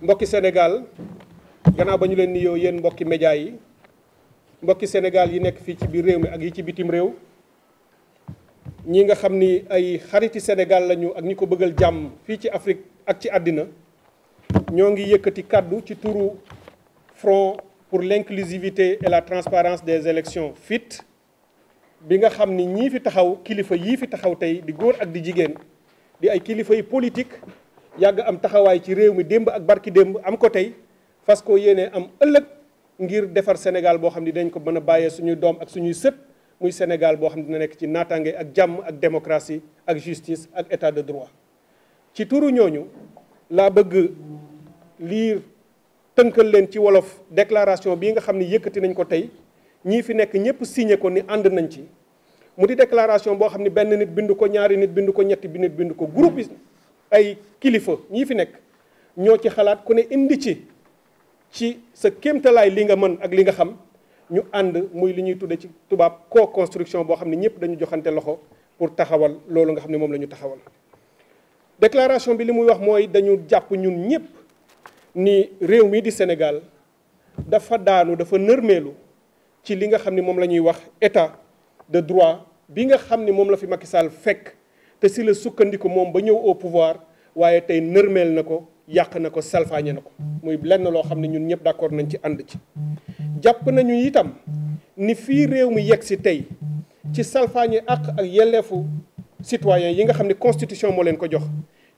mbokki Sénégal gannaaw ba ñu leen nuyoo yéen mbokki média yi mbokki Sénégal yi nekk fii ci biir réew mi ak yi ci bitim réew ñi nga xam ni ay xariti Sénégal lañu ak ñi ko bëggal jàmm fii ci Afrique ak ci àddina ñoo ngi yëkkati kàddu ci turu Front pour l'inclusivité et la transparence des élections FIT bi nga xam ni ñii fi taxaw kilifa yii fi taxaw tey di góor ak di jigéen di ay kilifa yi politique yàgg am taxawaay ci réew mi démb ak barki démb am ko tey fas ko yéene am ëllëg ngir defar Sénégal boo xam ni dañ ko mën a bàyyee suñuy doom ak suñuy sët muy Sénégal boo xam ne dina nekk ci naataange ak jàmm ak démocratie ak justice ak état de droit ci turu ñooñu laa bëgg liir tënkal leen ci wolof déclaration bii nga xam ni yëkkati nañ ko tey ñii fi nekk ñëpp signé ko ni ànd nañ ci mu di déclaration boo xam ne benn nit bind ko ñaari nit bind ko ñetti nit bind ko groupe ay kilifa ñii fi nekk ñoo ci xalaat ku ne indi ci ci sa kéemtalaay li nga mën ak li nga xam ñu ànd muy li ñuy tudde ci tubaab co-construction boo xam ne ñëpp dañu joxante loxo pour taxawal loolu nga xam ne moom lañu taxawal déclaration bi li muy wax mooy dañu jàpp ñun ñëpp ni réew mi di Sénégal dafa daanu dafa nërmeelu ci li nga xam ni moom la ñuy wax état de droit bi nga xam ni moom la fi Macky Sall fekk te si la sukkandiku moom ba ñëw au waaye tey nërmeel na ko yàq na ko salfaañe na ko muy lenn loo xam ne ñun ñëpp d'accord nañ ci ànd ci jàpp nañu itam ni fii réew mi yegg si tey ci salfaañe àq ak yelleefu citoyen yi nga xam ne constitution moo leen ko jox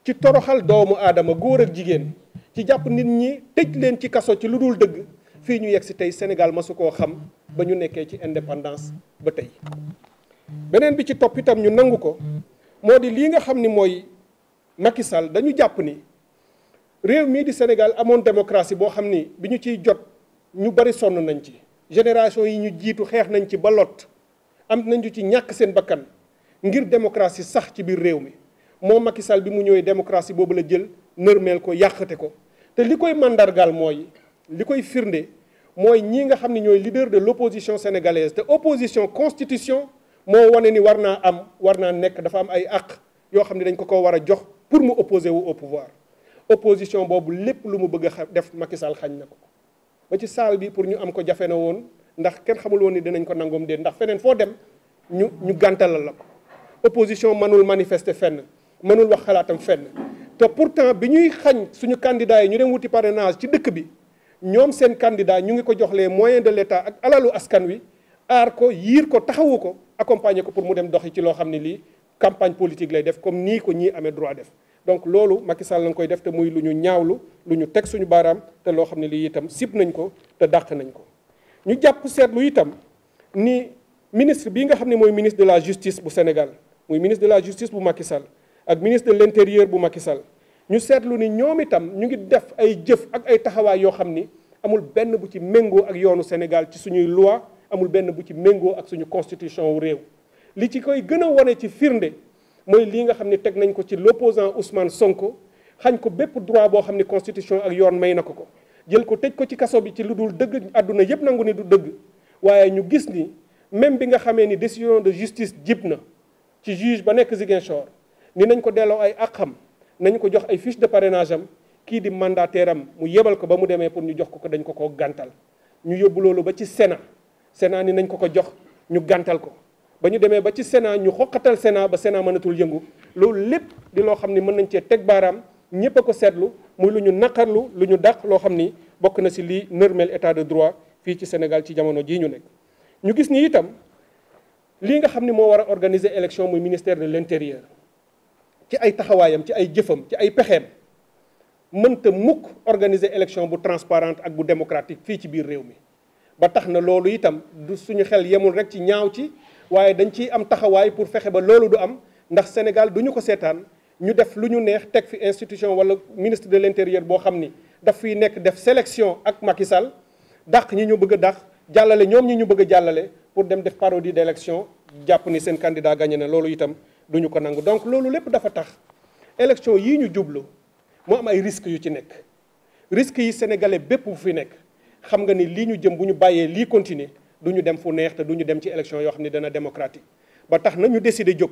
ci toroxal doomu aadama góor ak jigéen ci jàpp nit ñi tëj leen ci kaso ci lu dul dëgg fii ñu yegg si tey Sénégal masu koo xam ba ñu nekkee ci indépendance ba tey beneen bi ci topp itam ñu nangu ko moo di lii nga xam ni mooy Macky Sall dañu jàpp ni réew mii di Sénégal amoon démocratie boo xam ni bi ñu ciy jot ñu bari sonn nañ ci génération yi ñu jiitu xeex nañ ci ba lot am nañu ci ñàkk seen bakkan ngir démocratie sax ci biir réew mi moo Macky Sall bi mu ñëwee démocratie boobu la jël nërmeel ko yàqate ko te li koy màndargaal mooy li koy firnde mooy ñii nga xam ne ñooy leader de l'opposition sénégalaise te opposition constitution moo wane ni war naa am war naa nekk dafa am ay àq yoo xam ne dañ ko ko war a jox pour mu opposer wu au pouvoir opposition boobu lépp lu mu bëgg a def Macky Sall xañ na ko ba ci salle bi pour ñu am ko jafe na woon ndax kenn xamul woon ni dinañ ko nangoom dee ndax feneen foo dem ñu ñu gàntalal la ko opposition mënul manifester fenn mënul wax xalaatam fenn te pourtant bi ñuy xañ suñu candidat yi ñu dem wuti parrainage ci dëkk bi ñoom seen candidat ñu ngi ko jox les moyens de l'état ak alalu askan wi aar ko yiir ko taxawu ko accompagner ko pour mu dem doxi ci loo xam ne lii campagne politique lay def comme nii ko ñii amee droit def donc loolu makisal la nga koy def te muy lu ñu ñaawlu lu ñu teg suñu baaraam te loo xam ne lii itam sib nañ ko te dàq nañ ko ñu jàpp seetlu itam ni ministre bii nga xam ne mooy ministre de la justice bu Sénégal muy ministre de la justice bu Macky Sall ak ministre de l'intérieur bu Macky Sall ñu seetlu ni ñoom itam ñu ngi def ay jëf ak ay taxawaay yoo xam ni amul benn bu ci méngoo ak yoonu Sénégal ci suñuy loi amul benn bu ci méngoo ak suñu constitution wu réew li ci koy gën a wane ci firnde mooy lii nga xam ne teg nañ ko ci l'opposant Ousmane Sonko xañ ko bépp droit boo xam ne constitution ak yoon may na ko ko jël ko tëj ko ci kaso bi ci lu dul dëgg àdduna yépp nangu ni du dëgg waaye ñu gis ni même bi nga xamee ni décision de justice jib na ci juge ba nekk Ziguinchor ni nañ ko delloo ay àqam nañ ko jox ay fiche de parrainage am kii di mandataire mu yebal ko ba mu demee pour ñu jox ko ko dañ ko ko gàntal ñu yóbbu loolu ba ci sena Sénat ni nañ ko ko jox ñu gàntal ko ba ñu demee ba ci Sénat ñu xoqatal Sénat ba sena mënatul yëngu loolu lépp di loo xam ni mën nañ cee teg baaraam ñëpp a ko seetlu muy lu ñu naqarlu lu ñu daq loo xam ni bokk na si lii nërmeel état de droit fii ci Sénégal ci jamono jii ñu nekk ñu gis ni itam lii nga xam ni moo war a organiser élection muy ministère de l'intérieur ci ay taxawaayam ci ay jëfam ci ay pexeem mënta mukk organiser élection bu transparente ak bu démocratique fii ci biir réew mi ba tax na loolu itam du suñu xel yemul rek ci ñaaw ci waaye dañ ciy am taxawaay pour fexe ba loolu du am ndax Sénégal duñu ko seetaan ñu def lu ñu neex teg fi institution wala ministre de l'intérieur boo xam ni daf fiy nekk def selection ak Macky Sall dàq ñi ñu bëgg a dàq jàllale ñoom ñi ñu bëgg jàllale pour dem def parodie d'élection jàpp ni seen candidat gagné na loolu itam duñu ko nangu donc loolu lépp dafa tax élection yii ñu jublu mu am ay risques yu ci nekk risques yi sénégalais bépp bu fi nekk xam nga ni lii ñu jëm bu ñu bàyyee lii continuer du ñu dem fu neex te du ñu dem ci élection yoo xam ne dana démocratique ba tax na ñu décider jóg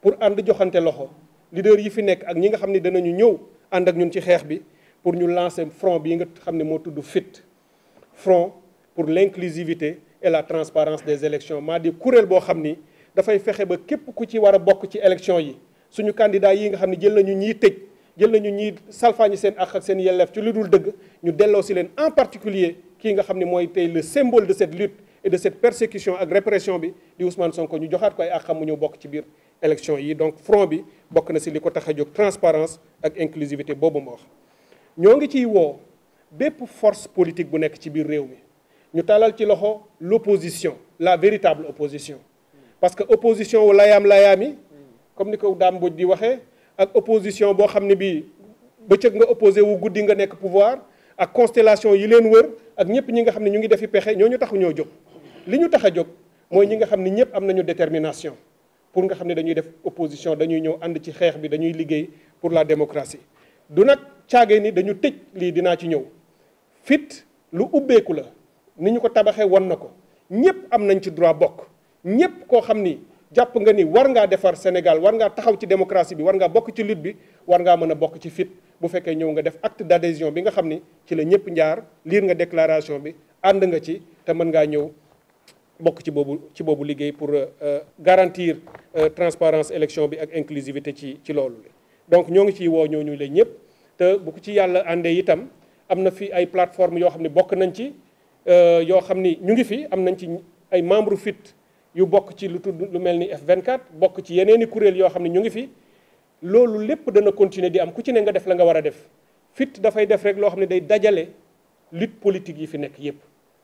pour ànd joxante loxo leader yi fi nekk ak ñi nga xam ne danañu ñëw ànd ak ñun ci xeex bi pour ñu lancer front bii nga xam ne moo tudd FIT front pour l'inclusivité et la transparence des élections maa di kuréel boo xam ni dafay fexe ba képp ku ci war a bokk ci élection yi suñu candidat yi nga xam ne jël nañu ñiy tëj jël nañu ñiy salfaañi seen ak ak seen yelleef ci lu dul dëgg ñu delloo si leen en particulier kii nga xam ni mooy tey le symbole de cette lutte et de cette persécution ak répression bi di Ousmane Sonko ñu joxaat koy ay ak mu ñëw bokk ci biir élection yi donc front bi bokk na si li ko tax a jóg transparence ak inclusivité boobu ma wax ñoo ngi ciy woo bépp force politique bu nekk ci biir réew mi ñu talal ci loxo l'opposition la véritable opposition parce que opposition wu layaam layaam yi comme ni ko Dame Mbodj di waxee ak opposition boo xam ne bii bëccëg nga opposé wu guddi nga nekk pouvoir ak constellation yi leen wër ak ñëpp ñi nga xam ne ñu ngi def defi pexe ñoo ñu taxu ñoo jóg li ñu tax a jóg mooy ñi nga xam ni ñëpp am nañu détermination pour nga xam ne dañuy def opposition dañuy ñëw ànd ci xeex bi dañuy liggéey pour la démocratie du nag caagee ni dañu tëj lii dinaa ci ñëw fit lu ubbeeku la ni ñu ko tabaxee won na ko ñëpp am nañ ci droit bokk ñëpp koo xam ni jàpp nga ni war ngaa defar Sénégal war ngaa taxaw ci démocratie bi war ngaa bokk ci lutte bi war ngaa mën a bokk ci fit bu fekkee ñëw nga def acte d'adhésion bi nga xam ni ci la ñëpp njaar liir nga déclaration bi ànd nga ci te mën ngaa ñëw bokk ci boobu ci boobu liggéey pour euh, euh, garantir euh, transparence élection bi ak inclusivité ci ci loolu li donc ñoo ngi ciy woo ñooñu la ñëpp te bu ko ci yàlla àndee itam am na fi ay plateforme yoo xam ne bokk nañ ci yoo xam ni ñu ngi fi am nañ ci ay membre fit yu bokk ci lu tudd lu mel ni F24 bokk ci yeneeni kuréel yoo xam ne ñu ngi fi loolu lépp dana continuer di am ku ci ne nga def la nga war a def fit dafay def rek loo xam ne day dajale lutte politique yi fi nekk yépp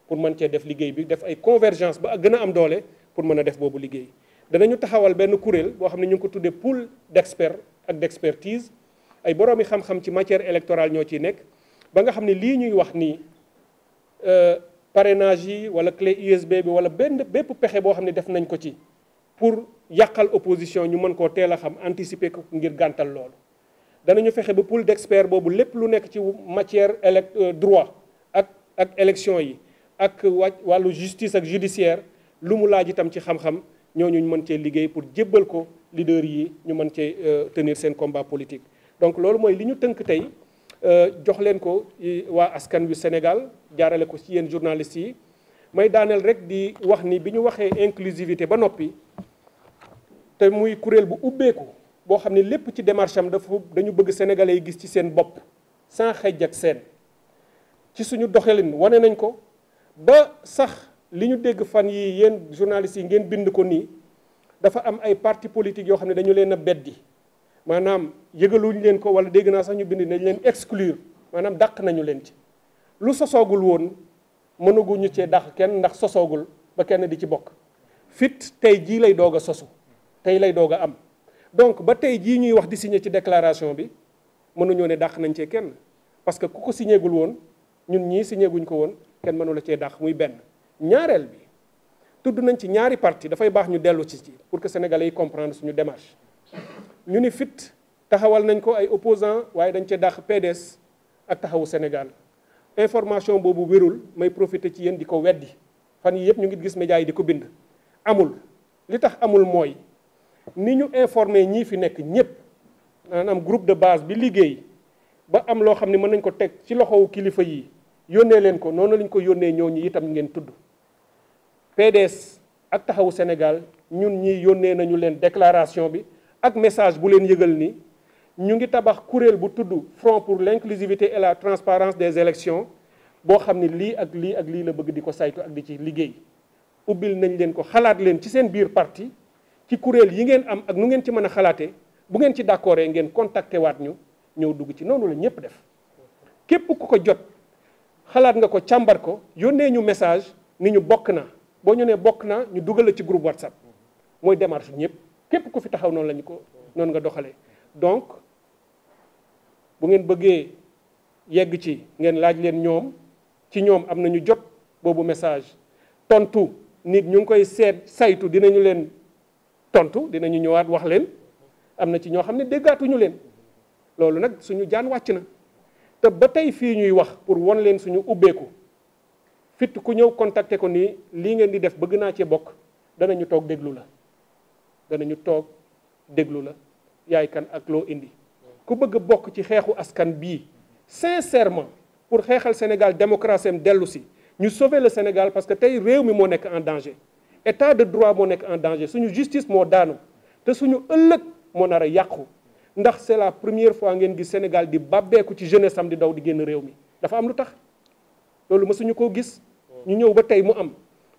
pour mën cee def liggéey bi def ay convergence ba ak gën a am doole pour mën a def boobu liggéey danañu taxawal benn kuréel boo xam ne ñu ngi ko tuddee pool d'experts ak d'expertise ay boroomi xam-xam ci matière électorale ñoo ciy nekk ba nga xam ne lii ñuy wax nii euh, parrainage yi wala clé USB bi wala benn bépp pexe boo xam ne def nañ ko ci pour yàqal opposition ñu mën koo teel a xam anticiper ko ngir gàntal loolu. danañu fexe ba pool d'experts boobu lépp lu nekk ci matière élect euh, droit ak ak élection yi ak wàllu justice ak judiciaire lu mu laaj itam ci xam-xam ñooñu ñu mën cee liggéey pour jébbal ko leader yi ñu mën cee euh, tenir seen combat politique donc loolu mooy li ñu tënk tey. Euh, jox leen ko waa askan wi Sénégal jaarale ko ci yéen journalistes yi may daaneel rek di wax ni bi ñu waxee inclusivité ba noppi te muy kuréel bu ubbeeku boo xam ne lépp ci démarche am dafa dañu bëgg sénégalais yi gis ci seen bopp sans xëj ak seen ci suñu doxalin wane nañ ko ba sax li ñu dégg fan yi yéen journalistes yi ngeen bind ko nii dafa am ay parti politique yoo xam ne dañu leen a beddi maanaam yëgaluñ leen ko wala dégg naa sax ñu bind nañ leen exclure maanaam dàq nañu leen ci lu sosoogul woon mënaguñu cee dàq kenn ndax sosoogul ba kenn di ci bokk fit tey jii lay doog a sosu tey lay doog a am donc ba tey jii ñuy wax di signé ci déclaration bi mënuñoo ne dàq nañ cee kenn parce que ku ko signéegul woon ñun ñii signéeguñ ko woon kenn mënu la cee dàq muy benn ñaareel bi tudd nañ ci ñaari parti dafay baax ñu dellu ci pour que sénégalais yi comprendre suñu démarche ñu ni fit taxawal nañ ko ay opposant waaye dañ ca dàq PDS ak taxawu Sénégal information boobu wérul may profité ci yéen di ko weddi fan yi yëpp ñu ngi gis médias di ko bind amul li tax amul mooy ni ñu informé ñii fi nekk ñëpp maanaam groupe de base bi liggéey ba am loo xam ne mën nañ ko teg ci loxowu kilifa yi yónnee leen ko noonu lañ ko yónnee ñooñu itam ngeen tudd PDS ak taxawu Sénégal ñun ñii yónnee nañu leen déclaration bi ak message bu leen yëgal ni ñu ngi tabax kuréel bu tudd front pour l'inclusivité et la transparence des élections boo xam ni lii ak lii ak lii la bëgg di ko saytu ak di ci liggéey ubbil nañ leen ko xalaat leen ci seen biir parti ci kuréel yi ngeen am ak nu ngeen ci mën a xalaatee bu ngeen ci d'accord ngeen contacté waat ñu ñëw dugg ci noonu la ñëpp def képp ku ko jot xalaat nga ko càmbar ko yónnee ñu message ni ñu bokk na boo ñu nee bokk na ñu dugal ci groupe WhatsApp mooy démarche ñëpp. képp ku fi taxaw noonu lañu ko noonu nga doxalee donc bu ngeen bëggee yegg ci ngeen laaj leen ñoom ci ñoom am nañu jot boobu message tontu nit ñu ngi koy seet saytu dinañu leen tontu dinañu ñëwaat wax leen am na ci ñoo xam ne déggaatuñu leen loolu nag suñu jaan wàcc na te ba tey fii ñuy wax pour won leen suñu ubbeeku fit ku ñëw contacter ko nii lii ngeen di def bëgg naa cee bokk danañu toog déglu la danañu toog déglu la yaay kan ak loo indi ku bëgg bokk ci xeexu askan bii sincèrement pour xeexal Sénégal démocratie am dellu si ñu sauver le Sénégal parce que tey réew mi moo nekk en danger état de droit moo nekk en danger suñu justice moo daanu te suñu ëllëg moo nar yàqu ndax c'est la première fois ngeen gis Sénégal di bàbbeeku ci jeunesse am di daw di génn réew mi dafa am lu tax loolu suñu koo gis ñu ñëw ba tey mu am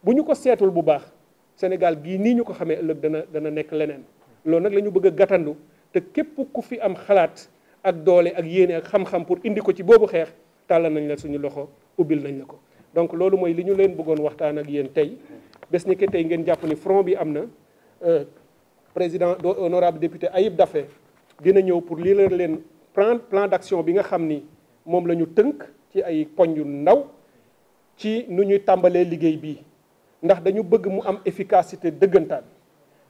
bu ñu ko seetul bu baax Sénégal gii nii ñu ko xamee ëllëg dana dana nekk leneen loolu nag la ñu bëgg a gàttandu te képp ku fi am xalaat ak doole ak yéene ak xam-xam pour indi ko ci boobu xeex tàll nañ la suñu loxo ubbil nañ la ko donc loolu mooy li ñu leen bëggoon waxtaan ak yéen tey bés ni ke tey ngeen jàpp ni front bi am na euh, président honorable député Ayib Daffé dina ñëw pour lii la leen plan plan d'action bi nga xam ni moom la ñu tënk ci ay poñ yu ndaw ci nu ñuy tàmbalee liggéey bii ndax dañu bëgg mu am efficacité dëggantaan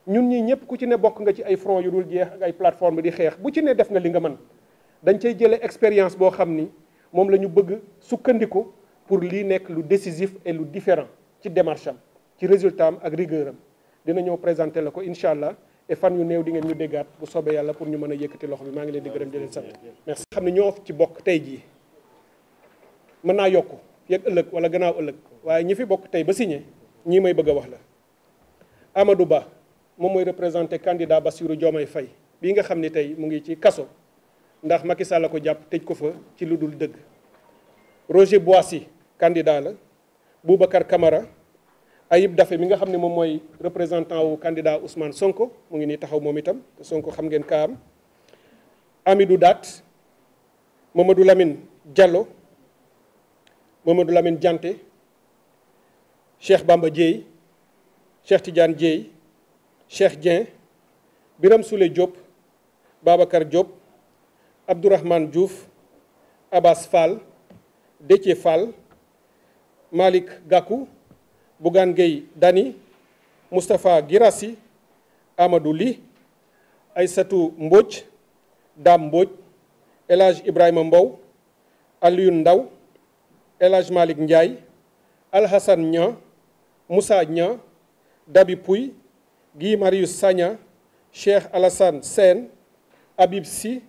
ñun ñi ñëpp ku ci ne bokk nga ci ay front yu dul jeex ak ay plateforme di xeex bu ci ne def nga li nga mën dañ cay jële expérience boo xam ni moom la ñu bëgg sukkandiku pour lii nekk lu décisif et lu différent ci démarche am ci résultat am ak rigueur dina ñëw présenter la ko incha allah et fan yu néew di ngeen ñu déggaat bu soobee yàlla pour ñu mën a yëkkati loxo bi maa ngi leen di gërëm di leen sant merci xam ne ñoo bokk tey jii naa yokk yeeg wala gannaaw ëllëg waaye ñi fi bokk tey ba signé ñii may bëgg a wax la amadu Ba moom mooy représenté candidat Bassirou Diomaye fay bii nga xam ni tey mu ngi ci kaso ndax Macky Sall la ko jàpp tëj ko fa ci lu dul dëgg Roger Boissy candidat la Boubacar Camara Ayib Daffé mi nga xam ne moom mooy représentant wu candidat Ousmane Sonko mu ngi nii taxaw moom itam te Sonko xam ngeen kaam du Daat Mamadou Lamine Diallo Mamadou lamin Dianté Cheikh Bamba Dièye Cheikh Tidiane Dièye Cheikh Dieng Biram Souley Diop babakar Diop Abdourahmane juuf Abbas Fall Déthié Fall Malick Gakou Bougane Gueye Dany Moustapha Guirassi Amadou li ay satu Dame Mbodj El Hadj Ibrahima Mbow Alioune Ndaw El Hadj Malick Ndiaye Alhassane Niang Moussa Niang Dabi Pouy Guy Marius Sagna Cheikh alasan Sène Habib Sy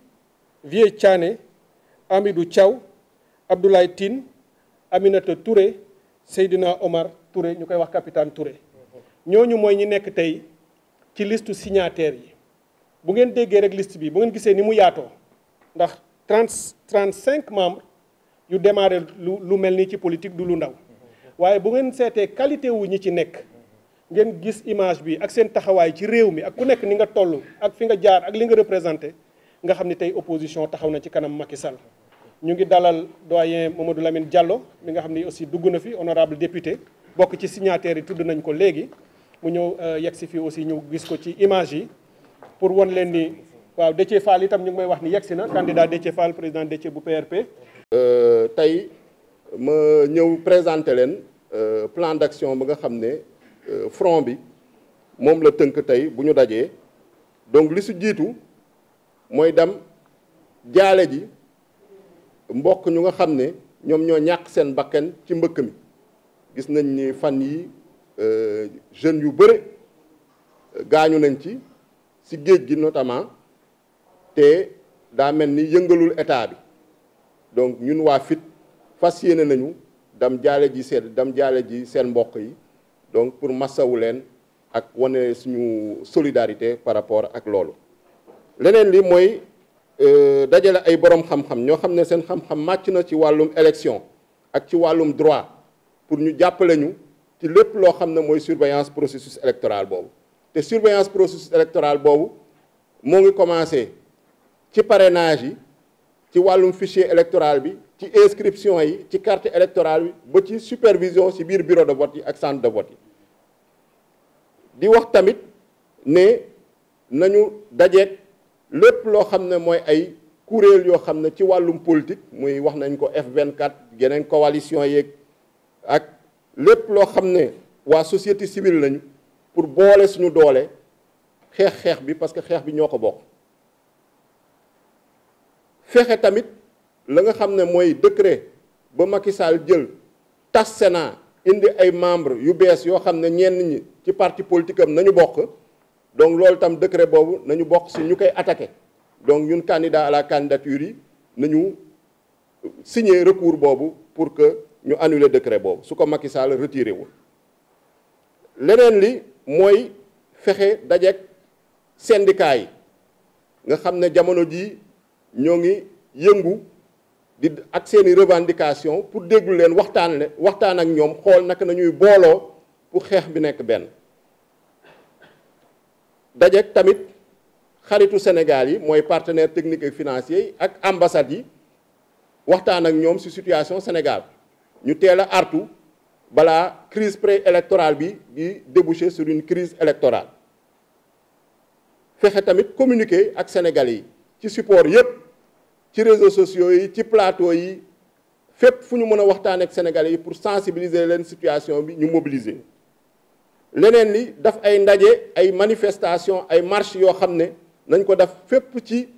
Vieux Thiané Amidou Thiaw Abdoulaye Tine Aminata Touré Seydina Omar Touré ñu koy wax capitaine Touré ñooñu mooy ñi nekk tey ci liste signataires yi bu ngeen déggee rek liste bi bu ngeen gisee ni mu yaatoo ndax trente trente cinq membre yu démarré lu lu mel ni ci politique du lu ndaw waaye bu ngeen seetee qualité wu ñi ci nekk ngeen gis image bi ak seen taxawaay ci réew mi ak ku nekk ni nga toll ak fi nga jaar ak li nga représenté nga xam ni tey opposition taxaw na ci kanam Macky Sall ñu ngi dalal doyen Mamadou Lamine Diallo mi nga xam ni aussi dugg na fi honorable député bokk ci signataires yi tudd nañ ko léegi mu ñëw euh, yegg si fii aussi ñu gis ko ci image yi pour won leen ni waaw Déthié yi tam ñu ngi may wax ni yegg si na candidat Déthié Fall président Déthié bu PRP euh, tey ma ñëw présenter leen euh, plan d'action ba nga xam ne euh, front bi moom la tënk tey bu ñu dajee donc li su jiitu mooy dem jaale ji mbokk ñu nga xam ne ñoom ñoo ñàkk seen bakkan ci mbëkk mi gis nañ ni fan yi euh, jeunes yu bëre gaañu nañ ci si géej gi notamment te daa mel ni yëngalul état bi donc ñun waa FIT fas yéene nañu dam jaale ji seen dam jaale ji seen mbokk yi donc pour massawu leen ak wane suñu solidarité par rapport ak loolu leneen li mooy euh, dajale ay borom xam-xam ñoo xam ne seen xam-xam màcc na ci wàllum élection ak ci wàllum droit pour ñu jàppale ñu ci lépp loo xam ne mooy surveillance processus électoral boobu te surveillance processus électoral boobu moo ngi commencé ci parrainage yi ci wàllum fichier électoral bi ci inscription yi ci carte électorale bi ba ci supervision ci biir bureau de yi ak centre de yi di wax tamit ne nañu dajeek lépp loo xam ne mooy ay kuréel yoo xam ne ci wàllum politique muy wax nañ ko F24 geneen coalition yeeg ak lépp loo xam ne waa société civile lañu pour boole suñu doole xeex xeex bi parce que xeex bi ñoo ko bokk fexe tamit la nga xam ne mooy décret ba Macky Sall jël tas Sénat indi ay membres yu bees yoo xam ne ñeen ñi ci parti politique am nañu bokk donc loolu tam décret boobu nañu bokk si ñu koy attaqué donc ñun candidat à la candidature yi nañu signer recours boobu pour que ñu annuler décret boobu su ko Macky Sall retiré wul leneen li mooy fexe dajeek syndicat yi nga xam ne jamono jii ñoo ngi yëngu di ak seen i revendication pour déglu leen waxtaan le waxtaan ak ñoom xool naka nañuy booloo pour xeex bi nekk benn dajeek tamit xaritu Sénégal yi mooy partenaire technique et financier yi ak ambassade yi waxtaan ak ñoom ci situation Sénégal ñu teel a artu balaa crise préélectorale bi di déboucher sur une crise électorale fexe tamit communiquer ak sénégal yi ci support yépp ci réseaux sociaux yi ci plateau yi fépp fu ñu mën a waxtaan ak sénégalais yi pour sensibiliser leen situation bi ñu mobiliser leneen li daf ay ndaje ay manifestation ay marche yoo xam ne nañ ko def fépp ci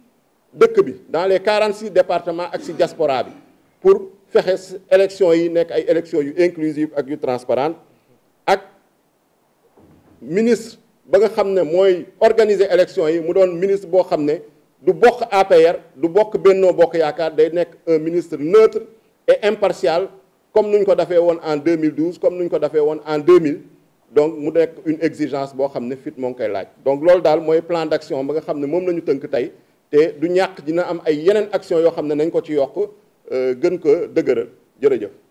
dëkk bi dans les quarante six départements ak si diaspora bi pour fexe élection yi nekk ay élection yu inclusive ak yu transparente ak ministre ba nga xam ne mooy organiser élection yi mu doon ministre boo xam ne du bokk APR du bokk Benno Bokk Yaakaar day nekk un ministre neutre et impartial comme nu ñu ko defee woon en 2012 comme nu ñu ko defee woon en 2000 donc mu nekk une exigence boo xam ne fit moo ngi koy laaj donc loolu daal mooy plan d'action ba nga xam ne moom la ñu tënk tey te du ñàkk dina am ay yeneen action yoo xam ne nañ ko ci yokk euh, gën ko dëgëral jërëjëf